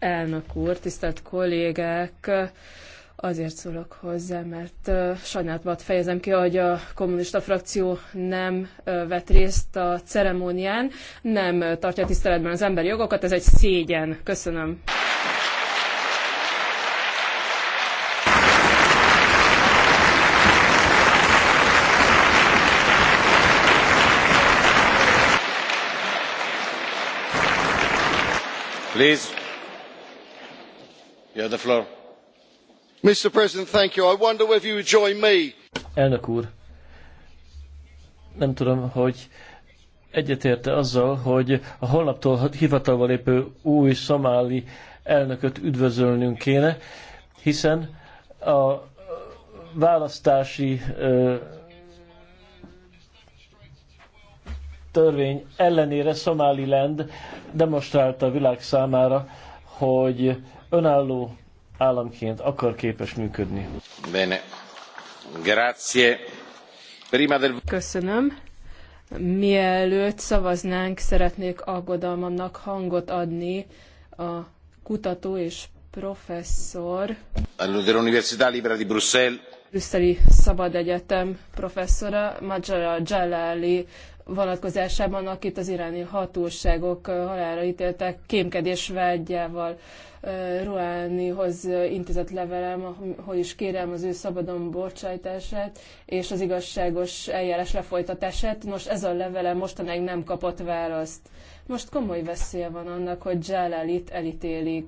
elnök úr tisztelt kollégák azért szólok hozzá mert sajnálatomat fejezem ki hogy a kommunista frakció nem vett részt a ceremónián nem tartja tiszteletben az emberi jogokat ez egy szégyen köszönöm. mr president i wonder whether you would join me. elnök úr nem tudom hogy egyetérte azzal hogy a holnaptól hivatalba lépő új szomáli elnököt üdvözölnünk kéne hiszen a választási törvény ellenére Somaliland demonstrálta a világ számára, hogy önálló államként akar képes működni. Bene. Grazie. Prima del... Köszönöm. Mielőtt szavaznánk, szeretnék aggodalmamnak hangot adni a kutató és professzor. All'Università Libera di Bruxelles Brüsszeli Szabad Egyetem professzora, Majara Jalali vonatkozásában, akit az iráni hatóságok halálra ítéltek kémkedés vágyával. Ruánihoz intézett levelem, hogy is kérem az ő szabadon bocsájtását és az igazságos eljárás lefolytatását. Nos, ez a levelem mostanáig nem kapott választ. Most komoly veszélye van annak, hogy Jalalit elítélik.